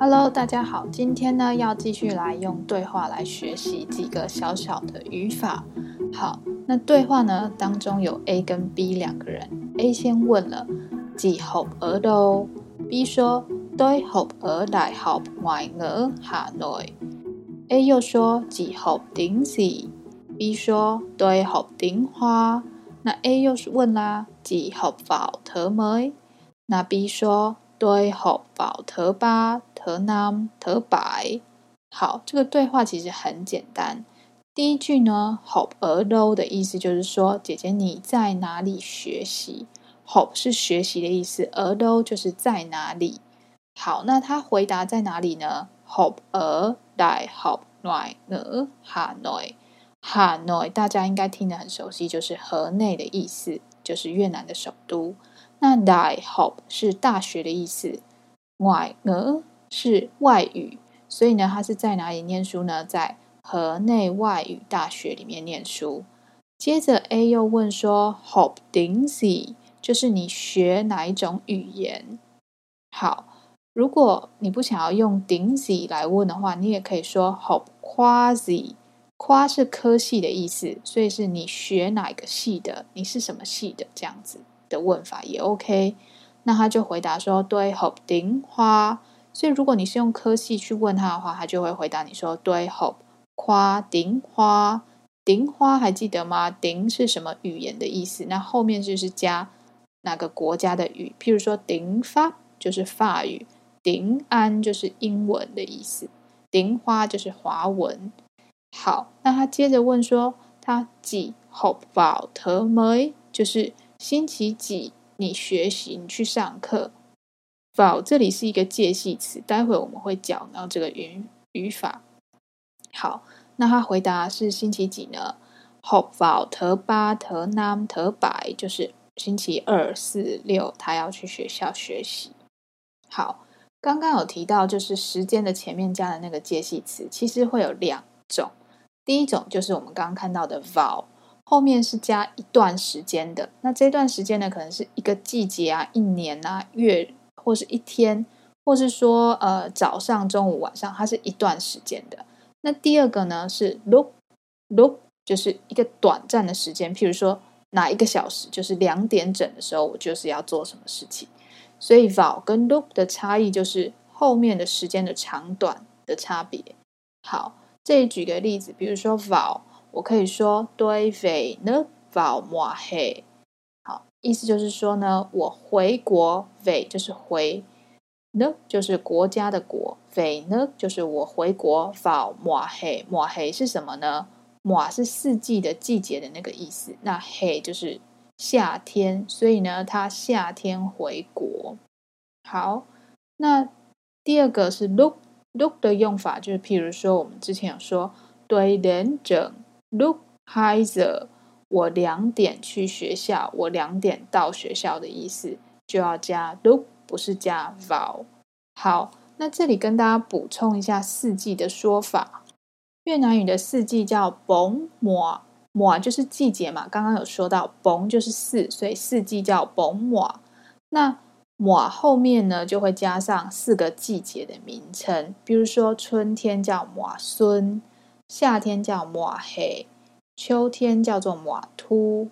Hello，大家好。今天呢，要繼續來用對話來學習幾個小小的語法。好，那對話呢當中有 A 跟 B 兩個人，A 先問了，Chị học ở đâu？B 說 Tôi，học ở Đại học Ngoại ngữ Hà Nội。A 又說 Chị học tiếng gì？B 說 Tôi，học tiếng Hoa。那 A 又是問啦，Chị học vào thứ mấy？那 B 說 Tôi，học vào thứ ba。特南特白，好，這個對話其實很簡單。第一句呢，hop er do 的意思就是說，姐姐你在哪裡學習？hop 是學習的意思，er do 就是在哪裡。好，那他回答在哪裡呢？hop er die hop noi 呢？ha noi ha noi 大家應該聽得很熟悉，就是河內的意思，就是越南的首都。那 die hop 是大學的意思，y noi 是外語，所以呢，他是在哪裡念書呢？在河內外語大學裡面念書。接着 A 又問說，học tiếng gì 就是你學哪一種語言？好，如果你不想要用 tiếng gì 來問的話，你也可以說 học khoa gì，khoa 是科系的意思，所以是你學哪個系的？你是什麼系的？這樣子的問法也 OK。那他就回答說，對，học tiếng Hoa。所以，如果你是用科系去問他的話，他就會回答你說：“對，hope，誇丁花，丁花還記得嗎？丁是什麼語言的意思？那後面就是加哪個國家的語，譬如說丁法就是法語，丁安就是英文的意思，丁花就是華文。好，那他接着問說：他幾 hope vào thứ mấy？就是星期幾你學習，你去上課。”保，這裡是一個介系詞，待會我們會講到這個語語法，好，那他回答是星期幾呢？好，保特八特南特百，就是星期二、四、六，他要去學校學習。好，剛剛有提到，就是時間的前面加的那個介系詞，其實會有兩種。第一種就是我們剛剛看到的保，後面是加一段時間的。那這段時間呢，可能是一個季節啊、一年啊、月。或是一天，或是說呃早上、中午、晚上，它是一段時間的。那第二個呢是 l o o k l o o k 就是一個短暫的時間，譬如說哪一個小時，就是兩點整的時候，我就是要做什麼事情。所以 v o l 跟 l o o k 的差異就是後面的時間的長短的差別。好，這裡舉個例子，比如說 v o l 我可以說對 v 呢 v l m a 意思就是說呢，我回國，匪就是回，呢就是國家的國，匪呢就是我回國，法抹黑，抹黑是什麼呢？抹是四季的季節的那個意思，那黑就是夏天，所以呢，他夏天回國。好，那第二個是 look，look look 的用法就是，譬如說我們之前有說，對人整 look，heiser。Look 我兩點去學校，我兩點到學校的意思就要加 lúc，不是加 vào。好，那這裡跟大家補充一下四季的說法。越南語的四季叫 bốn mùa，mùa 就是季節嘛，剛剛有說到 bốn 就是四，所以四季叫 bốn mùa。那 mùa 後面呢就會加上四個季節的名稱，比如說春天叫 mùa xuân，夏天叫 mùa hè。秋天叫做馬禿，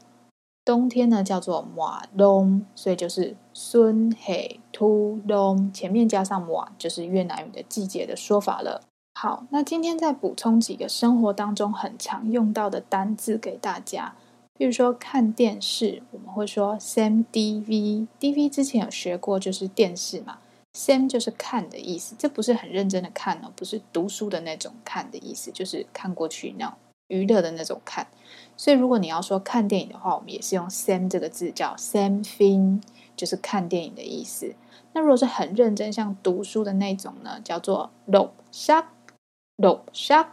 冬天呢叫做馬冬，所以就是孫黑禿冬，前面加上馬就是越南語的季節的說法了。好，那今天再補充幾個生活當中很常用到的單字給大家，譬如說看電視，我們會說 xem ti vi，ti vi 之前有學過，就是電視嘛，xem 就是看的意思，這不是很認真的看哦，不是讀書的那種看的意思，就是看過去那娛樂的那種看，所以如果你要說看電影的話，我們也是用 xem 這個字，叫 xem phim，就是看電影的意思。那如果是很認真，像讀書的那種呢，叫做 đọc sách, đọc sách，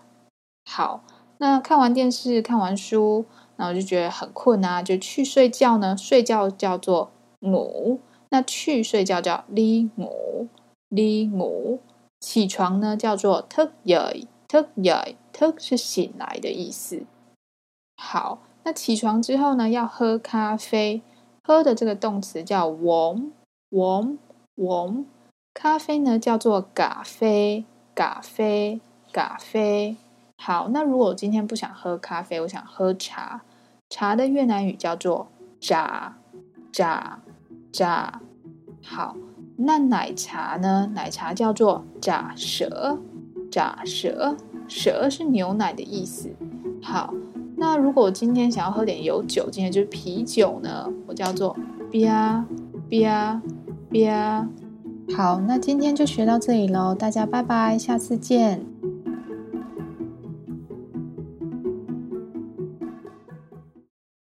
好，那看完電視，看完書，那我就覺得很困啊，就去睡覺呢。睡覺叫做 ngủ，那去睡覺叫 đi ngủ，đi ngủ 起床呢，起床呢叫做 thức dậy Thức dậy，thức 是醒來的意思。好，那起床之後呢，要喝咖啡，喝的這個動詞叫 uống，uống，uống。咖啡呢叫做 cà phê，cà phê，cà phê。好，那如果我今天不想喝咖啡，我想喝茶，茶的越南語叫做 trà，trà，trà。好，那奶茶呢？奶茶叫做 trà sữa。trà sữa，sữa 是牛奶的意思。好，那如果我今天想要喝點有酒精的，今天就是啤酒呢，我叫做 bia、bia、bia。好，那今天就學到這裡嘍，大家拜拜，下次見。